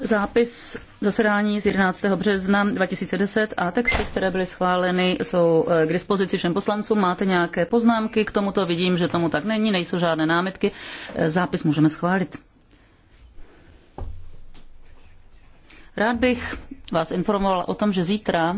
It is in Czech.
Zápis zasedání z 11. března 2010 a texty, které byly schváleny, jsou eh, k dispozici všem poslancům. Máte nějaké poznámky k tomuto? Vidím, že tomu tak není, nejsou žádné námitky. Eh, zápis můžeme schválit. Rád bych vás informoval o tom, že zítra